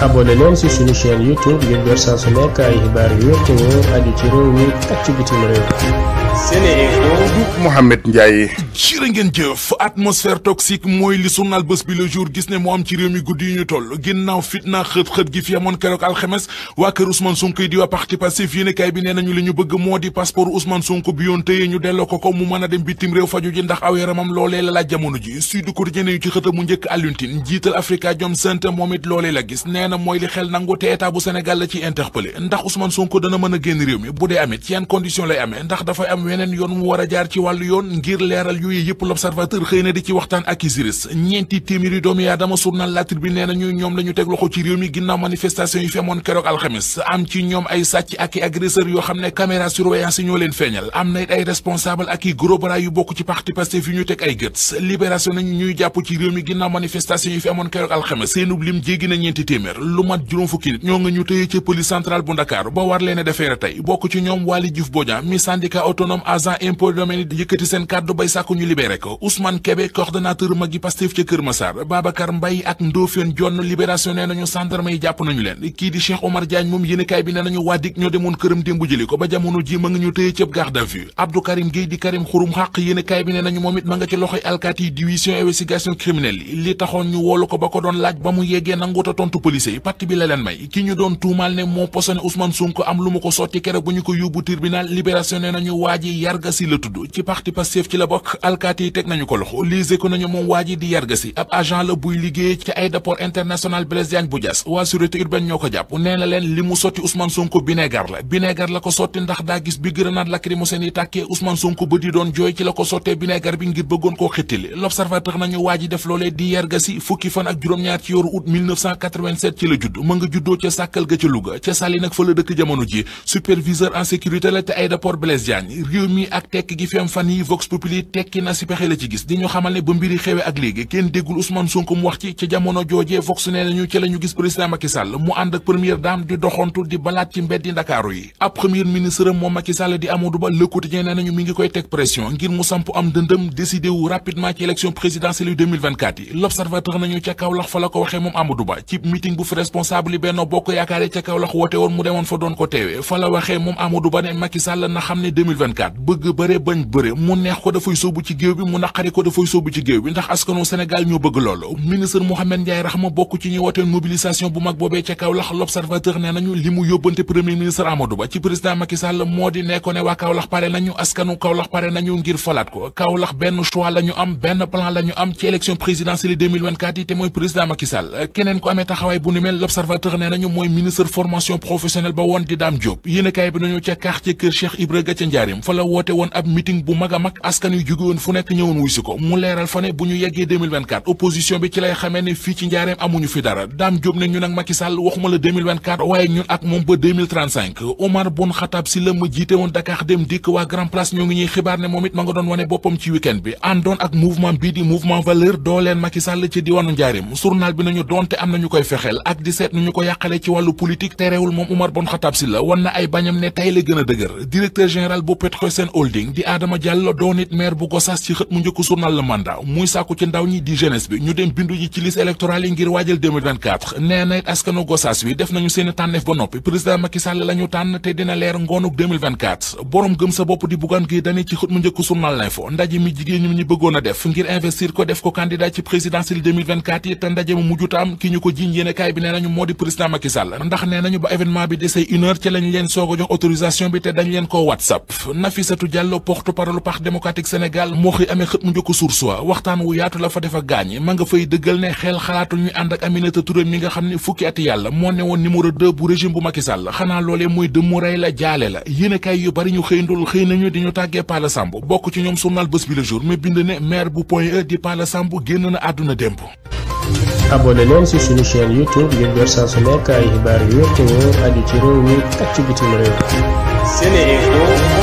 abonné leen ci suñu chaîne YouTube ngir jot saa ay xibaar yu wér te wóor aju ci réew mi ak ci bitim Mouhamed ci jërë ngeen jëf atmosphère toxique mooy li journal bés bi le jour gis ne moo am ci réew mi guddi yu ñu toll ginnaaw fitna xët-xët gi fi amoon keroog alxemes waa kër Ousmane Sonko yi di waa parti Pastef yéenekaay bi nee nañu li ñu bëgg moo di passeport Ousmane Sonko bi yoon tëye ñu delloo ko ko mu mën a dem bitim réew faju ji ndax aw yaramam loolee la jamono ji Sud Quotidien ñu ci xëta mu njëkk Alioune Tine jiital Afrikajom Center moom it loolee la gis nee na mooy li xel nangu te état bu Sénégal la ci interpellé ndax Ousmane Sonko dana mën a génn réew mi bu dee amit ci yan condition lay amee weneen yoon mu war a jaar ci wàllu yoon ngir leeral yooyu yëpp l'observateur xëy na di ci waxtaan ak i juriste ñeenti téeméeri doomu aadama journal La Tribune nee nañu ñoom la ñu teg loxo ci réew mi ginnaaw manifestation yi fi amoon keroog alxamis am ci ñoom ay sàcc ak i agresseur yoo xam ne caméra surveillance yi ñoo leen feeñal am na it ay responsable ak i gros bras yu bokk ci parti Pastef yu ñu teg ay gët libération nañu ñuy jàpp ci réew mi ginnaaw manifestation yi fi amoon keroog alxamis seenub lim jéggi na ñeenti téeméer ñoo nga ñu tëye ca police centrale bu Dakar ba war leen a ci ñoom Waly ñoom agent di à vue Abdou Karim Gueye di Karim Xurum Xaq yéenekaay bi nee nañu moom it ma nga ci loxoy alkaati yi division investigation criminelle yi li taxoon ñu woolu ko ba ko doon laaj ba mu yeggee nanguta tontu policier yi parti bi la leen may ki ñu doon tuumaal ne moo posone Ousmane Sonko am lu mu ko sotti keroog bu ñu ko yóbbu tribunal libération nee nañu waaji ji yarga si la tudd ci parti Pastef ci la bokk alkaati yi teg nañu ko loxo lise ko nañu moom waa ji di yarga si ab agent la buy liggéey ci aéroport international Blaise Diagne bu Diass waa sûreté urbaine ñoo ko jàpp nee na leen li mu sotti Ousmane Sonko bineegar la bineegar la ko sotti ndax daa gis bi grenade lacrymogène yi tàkkee Ousmane Sonko ba di doon jooy ci la ko sottee bineegar bi ngir bëggoon koo xettali l'observateur nañu waa ji def loolee di yarga si fukki fan ak juróom-ñaar ci yoru août 1987 ci la judd ma nga juddoo ca sàkkal ga ca ji superviseur en sécurité la te aéroport Blaise Diagne réew mi ak tekk gi fi am fan yi Vox Populi tekki na si a la ci gis di ñu xamal ne ba mbiri xewe ak léegi kenn déggul Ousmane Sonko mu wax ci ca jamono jooje Vox nee nañu ci la gis président Macky mu ànd ak première dame di doxantu di balaat ci mbeddi Ndakaaru yi ab ministre moom Macky di Amadou Ba Le Quotidien nañu mi ngi koy teg pression ngir mu samp am dëndëm décidé rapidement ci élection présidentielle yu 2024 yi L'Observateur nañu ca tàggat bëgg bëre bañ bëre mu neex ko dafay sóobu ci géew bi mu naqari ko dafay sóobu ci géew bi ndax askanu Sénégal ñoo bëgg loolu ministre Mouhamed Ndiaye Rahma bokk ci ñuy woteen mobilisation bu mag boobee ca Kaolack l'observateur ne nañu li mu yóbbante premier ministre Amadou Ba ci président Macky moo di nekkoon ne waa Kaolack pare nañu askanu Kaolack pare nañu ngir falaat ko Kaolack benn choix la am benn plan la am ci élection présidentielle 2024 fa la woote woon ab meeting bu mag a mag askan yu jóge woon fu nekk ñëwoon wuy si ko mu leeral fa ne bu ñu yeggee 2024 opposition bi ci lay xamee ne fii ci njaareem amuñu fi dara daam jóob ne ñun ak Macky Sall waxuma la waaye ñun ak moom ba 2035 Omar Bon Khattab si la ma jiite woon Dakar dem dikk waa Grand Place ñoo ngi ñuy xibaar ne moom it ma nga doon wane boppam ci week-end bi àndoon ak mouvement bii di mouvement valeur dooleen Macky Sall ci di seet nu ñu na ay Petrosen Holding di bi ñu dem ci liste électorale yi ngir waajal 2024 nee na it askanu Gossas wi def nañu seen tànneef ba noppi président Macky Sall la ñu tànn te dina leer ngoonuk 2024 gëm sa bopp di Bougane Gueye Dany ci xët mu njëkk journal L'Info ndaje mi jigéen ñi ñu bëggoon a def ngir investir ko def ko candidat ci présidentielle 2024 yi te ndaje mu mujjuta am ki ñu ko jiñ yéene bi nee nañu moo di président Macky ndax nee nañu ba événement bi desee une heure ci lañ leen soog a jox autorisation bi te dañ leen ko WhatsApp Nafissatou Diallo porte-parole parti démocratique Sénégal moo xëy amee xët mu njëkk source wa waxtaan wu yaatu la fa def ak gaañ ma nga fay dëggal ne xel xalaatu ñuy ànd ak Aminata Touré mi nga xam ne fukki ati yàlla moo ne woon numéro 2 bu régime bu Macky Sall xanaa loolee muy dëmmuray la jaale la yéenekaay yu bari ñu xëy ndul xëy nañu di ñu tàggee Pala Samb bokk ci ñoom journal Bës Bi Le Jour mi bind ne maire bu Point E di Pala Samb génn na àdduna démb su nekk ay xibaar yu